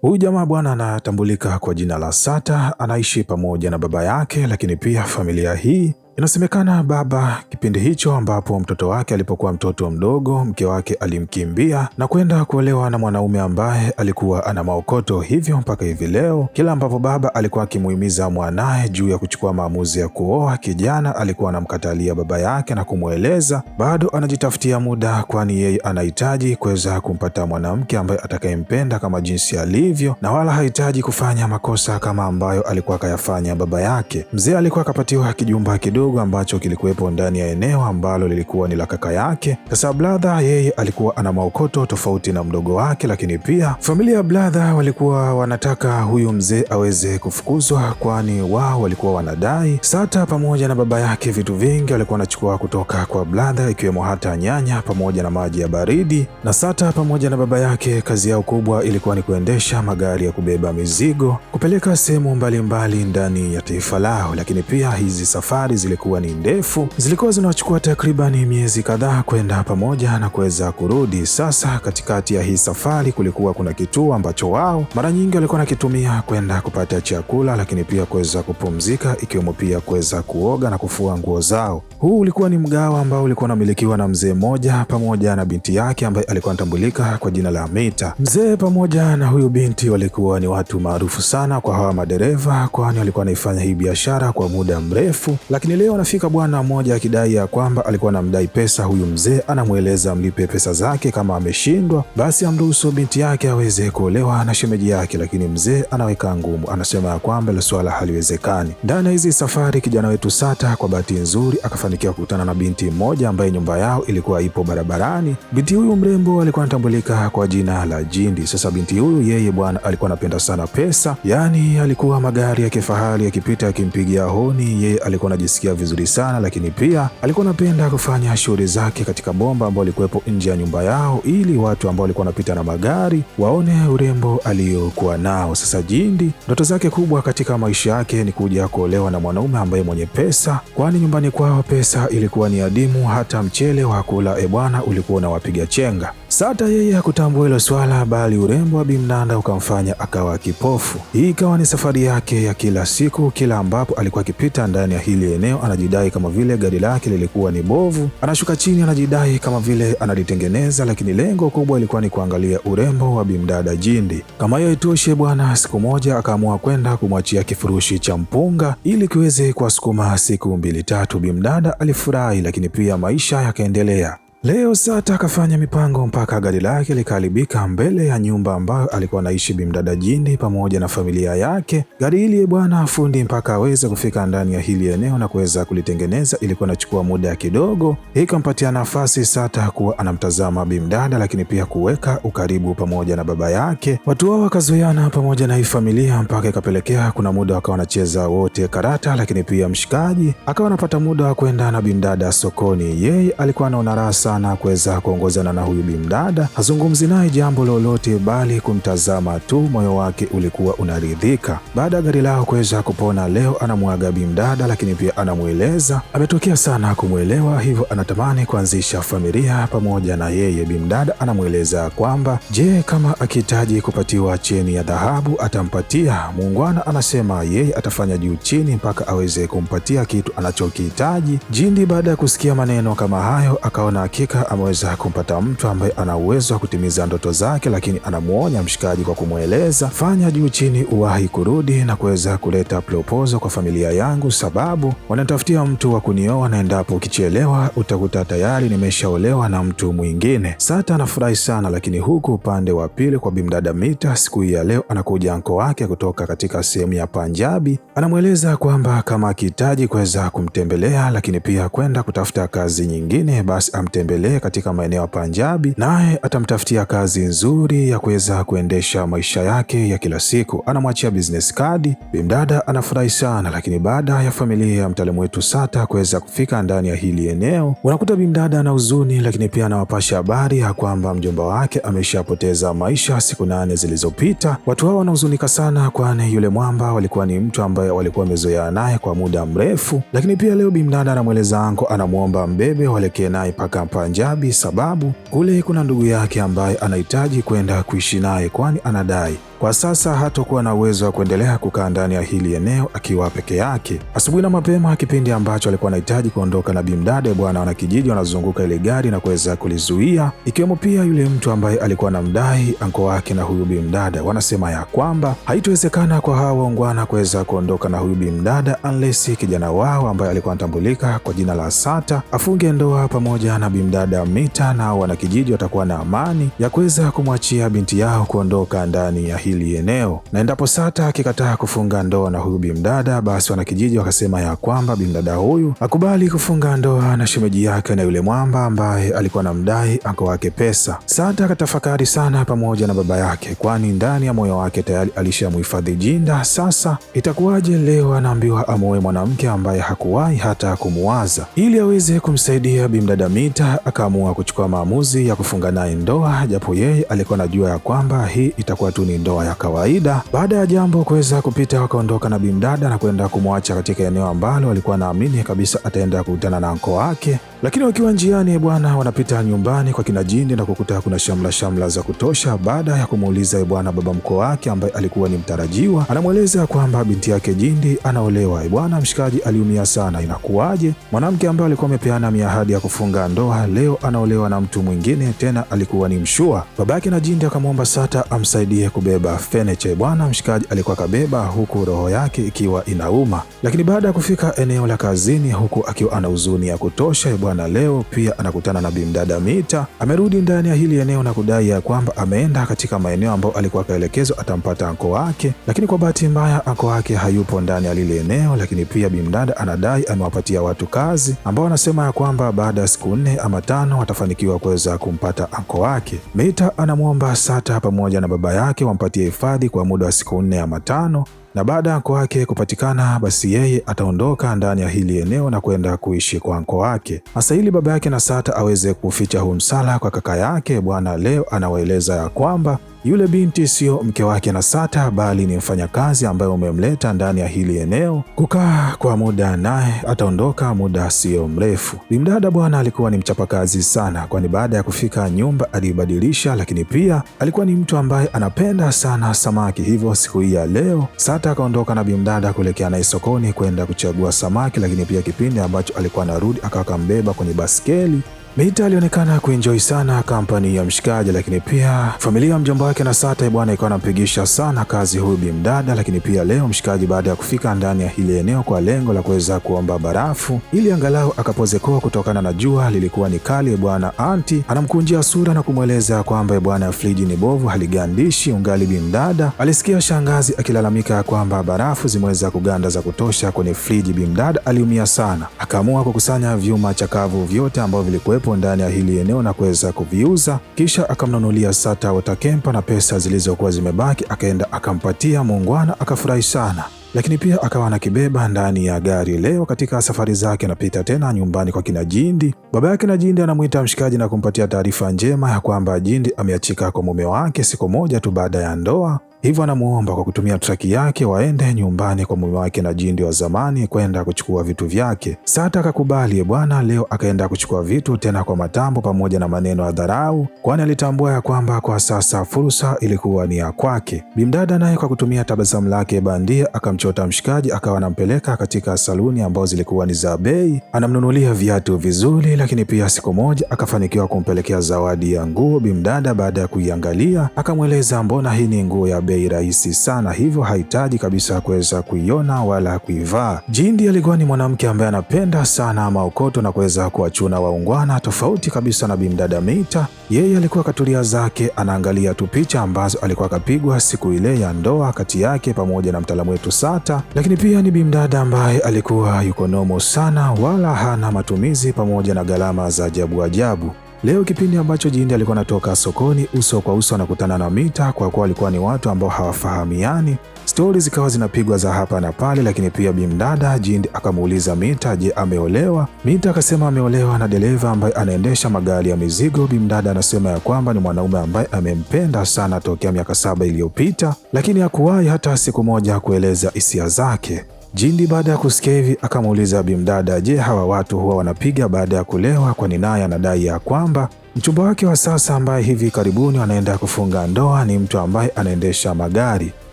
Huyu jamaa bwana anatambulika kwa jina la Sata, anaishi pamoja na baba yake, lakini pia familia hii Inasemekana baba kipindi hicho ambapo mtoto wake alipokuwa mtoto mdogo, mke wake alimkimbia na kwenda kuolewa na mwanaume ambaye alikuwa ana maokoto. Hivyo mpaka hivi leo, kila ambapo baba alikuwa akimuhimiza mwanaye juu ya kuchukua maamuzi ya kuoa, kijana alikuwa anamkatalia baba yake na kumweleza bado anajitafutia muda, kwani yeye anahitaji kuweza kumpata mwanamke ambaye atakayempenda kama jinsi alivyo, na wala hahitaji kufanya makosa kama ambayo alikuwa akayafanya baba yake. Mzee alikuwa akapatiwa kijumba kidogo kidogo ambacho kilikuwepo ndani ya eneo ambalo lilikuwa ni la kaka yake. Sasa Bladha yeye alikuwa ana maokoto tofauti na mdogo wake, lakini pia familia ya Bladha walikuwa wanataka huyu mzee aweze kufukuzwa, kwani wao walikuwa wanadai Sata pamoja na baba yake vitu vingi walikuwa wanachukua kutoka kwa bladha ikiwemo hata nyanya pamoja na maji ya baridi. Na Sata pamoja na baba yake kazi yao kubwa ilikuwa ni kuendesha magari ya kubeba mizigo kupeleka sehemu mbalimbali ndani ya taifa lao, lakini pia hizi safari zilikuwa ni ndefu, zilikuwa zinachukua takribani miezi kadhaa kwenda pamoja na kuweza kurudi. Sasa katikati ya hii safari kulikuwa kuna kituo ambacho wao mara nyingi walikuwa wanakitumia kwenda kupata chakula, lakini pia kuweza kupumzika, ikiwemo pia kuweza kuoga na kufua nguo zao. Huu ulikuwa ni mgawa ambao ulikuwa unamilikiwa na mzee mmoja pamoja na binti yake ambaye alikuwa anatambulika kwa jina la Mita. Mzee pamoja na huyu binti walikuwa ni watu maarufu sana kwa hawa madereva, kwani walikuwa wanaifanya hii biashara kwa muda mrefu, lakini leo anafika bwana mmoja akidai ya kwamba alikuwa anamdai pesa huyu mzee, anamweleza mlipe pesa zake kama ameshindwa basi amruhusu binti yake aweze kuolewa na shemeji yake, lakini mzee anaweka ngumu, anasema ya kwamba ile swala haliwezekani. Ndani ya hizi safari kijana wetu Sata kwa bahati nzuri akafanikiwa kukutana na binti mmoja ambaye nyumba yao ilikuwa ipo barabarani. Binti huyu mrembo alikuwa anatambulika kwa jina la Jindi. Sasa binti huyu yeye bwana alikuwa anapenda sana pesa, yaani alikuwa magari ya kifahari yakipita akimpigia honi, yeye alikuwa anajisikia kuongea vizuri sana, lakini pia alikuwa anapenda kufanya shughuli zake katika bomba ambao likuwepo nje ya nyumba yao, ili watu ambao walikuwa wanapita na magari waone urembo aliyokuwa nao. Sasa Jindi, ndoto zake kubwa katika maisha yake ni kuja kuolewa na mwanaume ambaye mwenye pesa, kwani nyumbani kwao pesa ilikuwa ni adimu, hata mchele wa kula ebwana ulikuwa unawapiga chenga. Sata yeye hakutambua hilo swala, bali urembo wa Bimnanda ukamfanya akawa kipofu. Hii ikawa ni safari yake ya kila siku, kila ambapo alikuwa akipita ndani ya hili eneo anajidai kama vile gari lake lilikuwa ni bovu, anashuka chini anajidai kama vile analitengeneza, lakini lengo kubwa ilikuwa ni kuangalia urembo wa Bimdada Jindi. Kama hiyo itoshe bwana, siku moja akaamua kwenda kumwachia kifurushi cha mpunga ili kiweze kuwasukuma siku mbili tatu. Bimdada alifurahi, lakini pia maisha yakaendelea. Leo Sata akafanya mipango mpaka gari lake likaharibika mbele ya nyumba ambayo alikuwa anaishi bimdada jini pamoja na familia yake. Gari hili bwana afundi mpaka aweze kufika ndani ya hili eneo na kuweza kulitengeneza, ilikuwa anachukua muda kidogo. Ikampatia nafasi Sata kuwa anamtazama bimdada, lakini pia kuweka ukaribu pamoja na baba yake. Watu wao wakazoeana pamoja na hii familia mpaka ikapelekea kuna muda wakawa wanacheza wote karata, lakini pia mshikaji akawa anapata muda wa kwenda na bimdada sokoni. Yeye alikuwa anaona rasa sana kuweza kuongozana na huyu bimdada. Hazungumzi naye jambo lolote, bali kumtazama tu, moyo wake ulikuwa unaridhika. Baada ya gari lao kuweza kupona, leo anamwaga bimdada, lakini pia anamweleza ametokea sana kumwelewa, hivyo anatamani kuanzisha familia pamoja na yeye. Bimdada anamweleza kwamba je, kama akihitaji kupatiwa cheni ya dhahabu atampatia. Muungwana anasema yeye atafanya juu chini mpaka aweze kumpatia kitu anachokihitaji. Jindi baada ya kusikia maneno kama hayo akaona hakika ameweza kumpata mtu ambaye ana uwezo wa kutimiza ndoto zake, lakini anamwonya mshikaji kwa kumweleza fanya juu chini uwahi kurudi na kuweza kuleta proposal kwa familia yangu, sababu wanatafutia mtu wa kunioa na endapo ukichelewa utakuta tayari nimeshaolewa na mtu mwingine. Sata anafurahi sana, lakini huku upande wa pili kwa bimdada Mita, siku hii ya leo anakuja anko wake kutoka katika sehemu ya Panjabi, anamweleza kwamba kama akihitaji kuweza kumtembelea, lakini pia kwenda kutafuta kazi nyingine, basi amtembelea amtembelee katika maeneo ya Panjabi, naye atamtafutia kazi nzuri ya kuweza kuendesha maisha yake ya kila siku. Anamwachia business kadi. Bimdada anafurahi sana, lakini baada ya familia ya mtaalamu wetu Sata kuweza kufika ndani ya hili eneo, unakuta bimdada ana huzuni, lakini pia anawapasha habari ya kwamba mjomba wake ameshapoteza maisha siku nane zilizopita. Watu hao wanahuzunika sana, kwani yule mwamba walikuwa ni mtu ambaye walikuwa wamezoea naye kwa muda mrefu, lakini pia leo bimdada anamweleza anko, anamwomba mbebe walekee naye mpaka Panjabi sababu kule kuna ndugu yake ambaye anahitaji kwenda kuishi naye, kwani anadai kwa sasa hatakuwa na uwezo wa kuendelea kukaa ndani ya hili eneo akiwa peke yake. Asubuhi na mapema, kipindi ambacho alikuwa anahitaji kuondoka na Bimdade bwana, wanakijiji wanazunguka ile gari na kuweza kulizuia, ikiwemo pia yule mtu ambaye alikuwa anamdai anko wake na huyu Bimdada. Wanasema ya kwamba haitowezekana kwa hawa waungwana kuweza kuondoka na huyu Bimdada unless kijana wao ambaye alikuwa anatambulika kwa jina la Sata afunge ndoa pamoja na Bimdada Mita, na wanakijiji watakuwa na amani ya kuweza kumwachia binti yao kuondoka ndani ya hili hili eneo, na endapo Sata akikataa kufunga ndoa na huyu bimdada, basi wanakijiji wakasema ya kwamba bimdada huyu akubali kufunga ndoa na shemeji yake na yule mwamba ambaye alikuwa mdai anko wake pesa. Sata akatafakari sana pamoja na baba yake, kwani ndani ya moyo wake tayari alishamhifadhi jinda. Sasa itakuwaje leo anaambiwa amoe mwanamke ambaye hakuwahi hata kumuwaza? Ili aweze kumsaidia bimdada Mita akaamua kuchukua maamuzi ya kufunga naye ndoa, japo yeye alikuwa anajua ya kwamba hii itakuwa tu ni ndoa hewa ya kawaida. Baada ya Jambo kuweza kupita, wakaondoka na bimdada na kwenda kumwacha katika eneo ambalo alikuwa anaamini kabisa ataenda kukutana na mko wake, lakini wakiwa njiani bwana, wanapita nyumbani kwa kina Jindi na kukuta kuna shamla shamla za kutosha. Baada ya kumuuliza ee bwana, baba mko wake ambaye alikuwa ni mtarajiwa anamweleza kwamba binti yake Jindi anaolewa. Ee bwana, mshikaji aliumia sana, inakuwaje? Mwanamke ambaye alikuwa amepeana miahadi ya kufunga ndoa leo anaolewa na mtu mwingine, tena alikuwa ni mshua. Babake na Jindi akamwomba Sata amsaidie kubeba kubeba feniche bwana mshikaji alikuwa kabeba, huku roho yake ikiwa inauma. Lakini baada ya kufika eneo la kazini, huku akiwa ana huzuni ya kutosha bwana, leo pia anakutana na bimdada Mita. Amerudi ndani ya hili eneo na kudai ya kwamba ameenda katika maeneo ambayo alikuwa akaelekezwa atampata anko wake, lakini kwa bahati mbaya anko wake hayupo ndani ya lile eneo. Lakini pia bimdada anadai amewapatia watu kazi ambao anasema ya kwamba baada ya siku nne ama tano watafanikiwa kuweza kumpata anko wake. Mita anamwomba Sata pamoja na baba yake wampa atampatia hifadhi kwa muda wa siku nne ama tano, na baada ya anko wake kupatikana, basi yeye ataondoka ndani ya hili eneo na kwenda kuishi kwa anko wake. Hasa ili baba yake sata aweze kuficha huu msala kwa kaka yake, Bwana Leo anawaeleza ya kwamba yule binti sio mke wake Nasata, bali ni mfanyakazi ambaye umemleta ndani ya hili eneo kukaa kwa muda, naye ataondoka muda sio mrefu. Bimdada bwana alikuwa ni mchapakazi sana, kwani baada ya kufika nyumba aliibadilisha, lakini pia alikuwa ni mtu ambaye anapenda sana samaki. Hivyo siku hii ya leo Sata akaondoka na bimdada kuelekea naye sokoni kwenda kuchagua samaki, lakini pia kipindi ambacho alikuwa anarudi akawa akambeba kwenye baskeli Mita alionekana kuenjoy sana kampani ya mshikaji, lakini pia familia ya mjomba wake na Sata bwana ikawa anampigisha sana kazi huyu bimdada. Lakini pia leo mshikaji, baada ya kufika ndani ya hili eneo kwa lengo la kuweza kuomba barafu ili angalau akapozekoa kutokana na jua lilikuwa ni kali, bwana anti anamkunjia sura na kumweleza kwamba bwana friji ni bovu haligandishi ungali. Bimdada alisikia shangazi akilalamika kwamba barafu zimeweza kuganda za kutosha kwenye friji. Bimdada aliumia sana, akaamua kukusanya vyuma chakavu vyote ambavyo vilikuwa kuwepo ndani ya hili eneo na kuweza kuviuza, kisha akamnunulia Sata Watakempa na pesa zilizokuwa zimebaki akaenda akampatia muungwana, akafurahi sana lakini pia akawa anakibeba ndani ya gari. Leo katika safari zake anapita tena nyumbani kwa kina Jindi. Baba yake na Jindi anamwita mshikaji na kumpatia taarifa njema ya kwamba Jindi ameachika kwa mume wake siku moja tu baada ya ndoa, Hivyo anamuomba kwa kutumia traki yake waende nyumbani kwa mume wake na jindi wa zamani kwenda kuchukua vitu vyake. Sata akakubali ee bwana, leo akaenda kuchukua vitu tena kwa matambo pamoja na maneno ya dharau, kwani alitambua ya kwamba kwa sasa fursa ilikuwa ni ya kwake. Bimdada naye kwa kutumia tabasamu lake bandia akamchota mshikaji, akawa anampeleka katika saluni ambazo zilikuwa ni za bei, anamnunulia viatu vizuri, lakini pia siku moja akafanikiwa kumpelekea zawadi ya nguo bimdada. Baada ya kuiangalia akamweleza mbona hii ni nguo ya bei rahisi sana, hivyo hahitaji kabisa kuweza kuiona wala kuivaa. Jindi alikuwa ni mwanamke ambaye anapenda sana maokoto na kuweza kuwachuna waungwana, tofauti kabisa na bimdada Mita. Yeye alikuwa katulia zake anaangalia tu picha ambazo alikuwa akapigwa siku ile ya ndoa kati yake pamoja na mtaalamu wetu Sata, lakini pia ni bimdada ambaye alikuwa yuko nomo sana, wala hana matumizi pamoja na gharama za ajabu ajabu. Leo kipindi ambacho Jindi alikuwa anatoka sokoni uso kwa uso anakutana na Mita, kwa kuwa walikuwa ni watu ambao hawafahamiani. Stori zikawa zinapigwa za hapa na pale, lakini pia bimdada Jindi akamuuliza Mita, je, ameolewa? Mita akasema ameolewa na dereva ambaye anaendesha magari ya mizigo. Bimdada anasema ya kwamba ni mwanaume ambaye amempenda sana tokea miaka saba iliyopita, lakini hakuwahi hata siku moja kueleza hisia zake. Jindi baada ya kusikia hivi akamuuliza bimdada, je, hawa watu huwa wanapiga baada ya kulewa? Kwani naye anadai ya kwamba mchumba wake wa sasa ambaye hivi karibuni anaenda kufunga ndoa ni mtu ambaye anaendesha magari.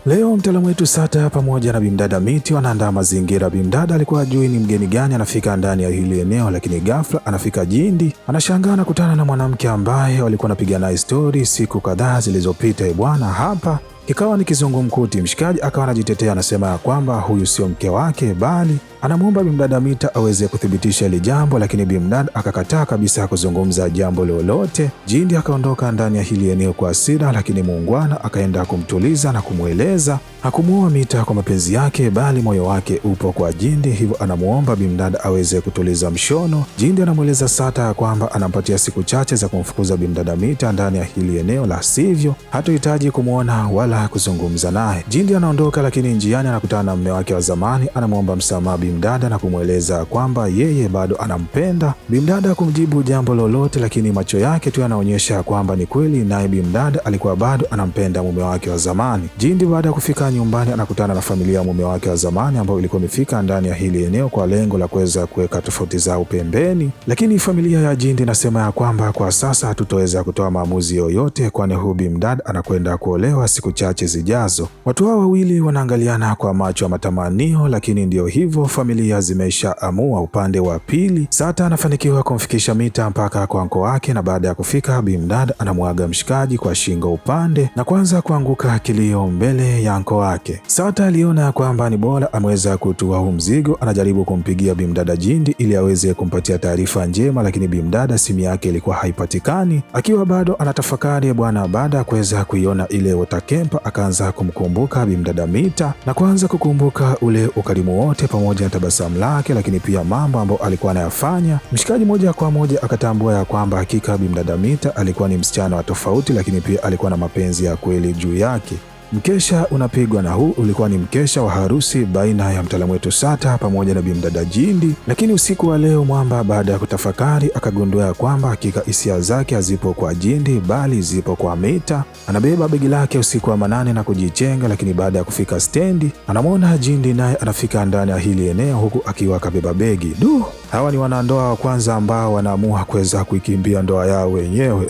Leo mtaalamu wetu Sata pamoja na bimdada Miti wanaandaa mazingira. Bimdada alikuwa ajui ni mgeni gani anafika ndani ya hili eneo, lakini ghafla anafika Jindi, anashangaa anakutana na mwanamke ambaye walikuwa wanapiga naye stori siku kadhaa zilizopita. Eh, bwana hapa Ikawa ni kizungumkuti. Mshikaji akawa anajitetea, anasema ya kwamba huyu sio mke wake, bali Anamwomba Bimdad Amita aweze kuthibitisha hili jambo, lakini Bimdad akakataa kabisa kuzungumza jambo lolote. Jindi akaondoka ndani ya hili eneo kwa hasira, lakini muungwana akaenda kumtuliza na kumweleza hakumuoa Mita kwa mapenzi yake, bali moyo wake upo kwa Jindi, hivyo anamwomba Bimdad aweze kutuliza mshono. Jindi anamweleza Sata ya kwamba anampatia siku chache za kumfukuza Bimdad Amita ndani ya hili eneo, la sivyo hatuhitaji kumwona wala kuzungumza naye. Jindi anaondoka, lakini njiani anakutana na mume wake wa zamani, anamwomba msamaha bimdada na kumweleza kwamba yeye bado anampenda. Bimdada kumjibu jambo lolote, lakini macho yake tu yanaonyesha kwamba ni kweli, naye bimdada alikuwa bado anampenda mume wake wa zamani. Jindi baada ya kufika nyumbani, anakutana na familia ya mume wake wa zamani ambayo ilikuwa imefika ndani ya hili eneo kwa lengo la kuweza kuweka tofauti zao pembeni, lakini familia ya Jindi inasema ya kwamba kwa sasa hatutoweza kutoa maamuzi yoyote, kwani huyu bimdada anakwenda kuolewa siku chache zijazo. Watu hao wawili wanaangaliana kwa macho ya matamanio, lakini ndiyo hivyo familia zimeshaamua upande wa pili. Sata anafanikiwa kumfikisha Mita mpaka kwa nko wake, na baada ya kufika, Bimdad anamwaga mshikaji kwa shingo upande na kwanza kuanguka kilio mbele ya anko wake. Sata aliona kwamba ni bora ameweza kutua huu mzigo. Anajaribu kumpigia Bimdada jindi ili aweze kumpatia taarifa njema, lakini Bimdada simu yake ilikuwa haipatikani. Akiwa bado anatafakari bwana, baada ya kuweza kuiona ile watakempa, akaanza kumkumbuka Bimdada Mita na kuanza kukumbuka ule ukarimu wote pamoja kwenye tabasamu lake, lakini pia mambo ambayo alikuwa anayafanya. Mshikaji moja kwa moja akatambua ya kwamba hakika Bimdada Mita alikuwa ni msichana wa tofauti, lakini pia alikuwa na mapenzi ya kweli juu yake. Mkesha unapigwa na huu ulikuwa ni mkesha wa harusi baina ya mtaalamu wetu Sata pamoja na bimdada Jindi. Lakini usiku wa leo Mwamba baada ya kutafakari akagundua ya kwamba hakika hisia zake hazipo kwa Jindi bali zipo kwa Mita. Anabeba begi lake usiku wa manane na kujichenga, lakini baada ya kufika stendi anamwona Jindi naye anafika ndani ya hili eneo huku akiwa akabeba begi. Du, hawa ni wanandoa wa kwanza ambao wanaamua kuweza kuikimbia ndoa yao wenyewe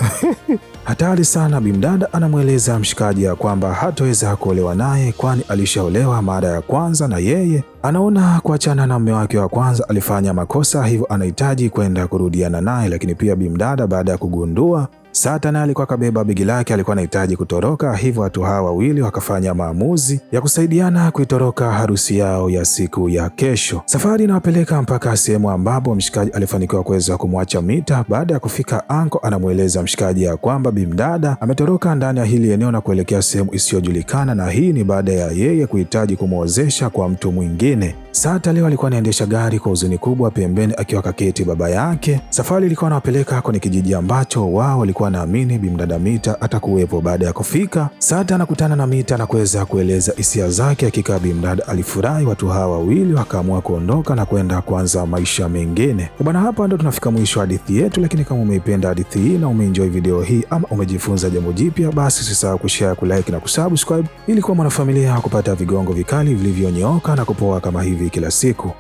hatari sana. Bimdada anamweleza mshikaji ya kwamba hataweza kuolewa naye, kwani alishaolewa mara ya kwanza, na yeye anaona kuachana na mume wake wa kwanza alifanya makosa, hivyo anahitaji kwenda kurudiana naye. Lakini pia bimdada baada ya kugundua Satana alikuwa akabeba begi lake, alikuwa anahitaji kutoroka, hivyo watu hawa wawili wakafanya maamuzi ya kusaidiana kuitoroka harusi yao ya siku ya kesho. Safari inawapeleka mpaka sehemu ambapo mshikaji alifanikiwa kuweza kumwacha Mita. Baada ya kufika, Anko anamweleza mshikaji ya kwamba bimdada ametoroka ndani ya hili eneo na kuelekea sehemu isiyojulikana, na hii ni baada ya yeye kuhitaji kumwozesha kwa mtu mwingine. Sata leo alikuwa anaendesha gari kwa huzuni kubwa, pembeni akiwa kaketi baba yake. Safari ilikuwa anawapeleka kwenye kijiji ambacho wao walikuwa alikuwa anaamini bimdada Mita atakuwepo. Baada ya kufika, Sata anakutana na Mita na kuweza kueleza hisia zake. Hakika bimdada alifurahi, watu hawa wawili wakaamua kuondoka na kwenda kuanza maisha mengine. Bwana, hapa ndo tunafika mwisho hadithi yetu, lakini kama umeipenda hadithi hii na umeenjoy video hii ama umejifunza jambo jipya, basi usisahau kushare, kulike na kusubscribe ili kuwa mwanafamilia kupata vigongo vikali vilivyonyooka na kupoa kama hivi kila siku.